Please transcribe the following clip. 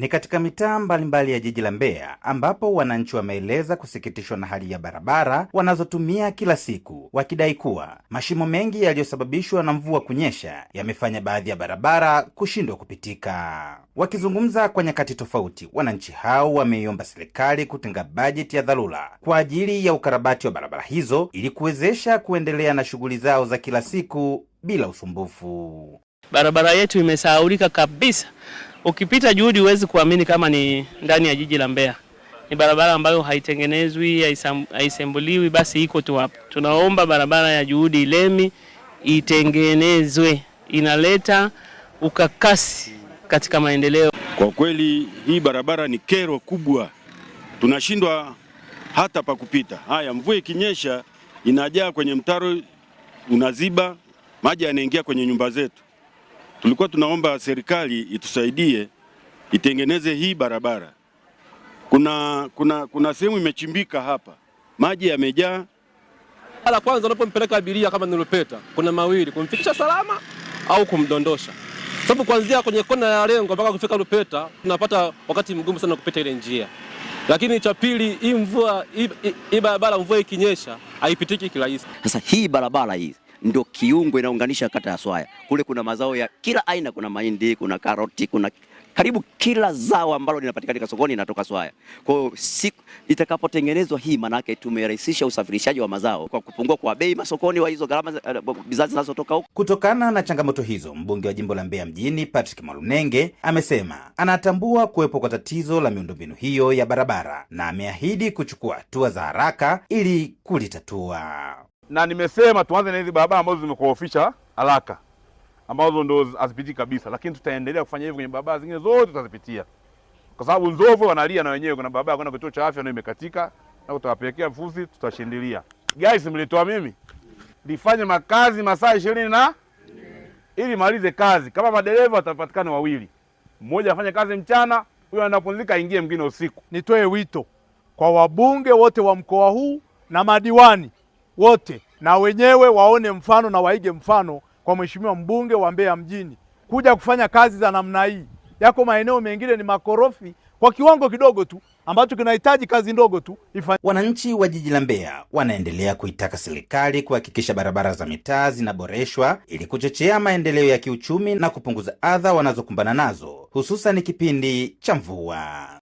Ni katika mitaa mbalimbali ya jiji la Mbeya ambapo wananchi wameeleza kusikitishwa na hali ya barabara wanazotumia kila siku, wakidai kuwa mashimo mengi yaliyosababishwa na mvua kunyesha yamefanya baadhi ya barabara kushindwa kupitika. Wakizungumza kwa nyakati tofauti, wananchi hao wameiomba serikali kutenga bajeti ya dharura kwa ajili ya ukarabati wa barabara hizo ili kuwezesha kuendelea na shughuli zao za kila siku bila usumbufu. Barabara yetu imesahaulika kabisa ukipita juhudi huwezi kuamini kama ni ndani ya jiji la Mbeya. Ni barabara ambayo haitengenezwi, haisembuliwi, basi iko tu hapo. Tunaomba barabara ya juhudi Ilemi itengenezwe, inaleta ukakasi katika maendeleo. Kwa kweli hii barabara ni kero kubwa, tunashindwa hata pa kupita. Haya, mvua ikinyesha inajaa kwenye mtaro unaziba, maji yanaingia kwenye nyumba zetu. Tulikuwa tunaomba serikali itusaidie itengeneze hii barabara. Kuna, kuna, kuna sehemu imechimbika hapa, maji yamejaa. La kwanza unapompeleka abiria kama nilopeta, kuna mawili, kumfikisha salama au kumdondosha, sababu kuanzia kwenye kona ya Lengo mpaka kufika Lupeta tunapata wakati mgumu sana kupita ile njia. Lakini cha pili, hii mvua hii barabara, mvua ikinyesha haipitiki kirahisi. Sasa hii barabara hii ndo kiungo inaunganisha kata ya Swaya. Kule kuna mazao ya kila aina, kuna mahindi, kuna karoti, kuna karibu kila zao ambalo linapatikana katika sokoni inatoka Swaya. Kwa hiyo siku itakapotengenezwa hii, maana yake tumerahisisha usafirishaji wa mazao kwa kupungua kwa bei masokoni wa hizo gharama eh, bidhaa zinazotoka huko. Kutokana na changamoto hizo, mbunge wa jimbo la Mbeya mjini Patrick malunenge amesema anatambua kuwepo kwa tatizo la miundombinu hiyo ya barabara na ameahidi kuchukua hatua za haraka ili kulitatua na nimesema tuanze na hizi barabara ambazo zimekuofisha haraka ambazo ndo hazipitii kabisa, lakini tutaendelea kufanya hivyo kwenye barabara zingine zote tutazipitia, kwa sababu nzovu wanalia na wenyewe. Kuna barabara kwenda kituo cha afya nayo imekatika, na tutawapelekea fusi, tutashindilia. Guys, mlitoa mimi lifanye makazi masaa ishirini na ili malize kazi. Kama madereva watapatikana wawili, mmoja afanye kazi mchana, huyo anapumzika, aingie mwingine usiku. Nitoe wito kwa wabunge wote wa mkoa huu na madiwani wote na wenyewe waone mfano na waige mfano kwa mheshimiwa mbunge wa Mbeya mjini kuja kufanya kazi za namna hii. Yako maeneo mengine ni makorofi kwa kiwango kidogo tu ambacho kinahitaji kazi ndogo tu ifa. Wananchi wa jiji la Mbeya wanaendelea kuitaka serikali kuhakikisha barabara za mitaa zinaboreshwa ili kuchochea maendeleo ya kiuchumi na kupunguza adha wanazokumbana nazo hususan kipindi cha mvua.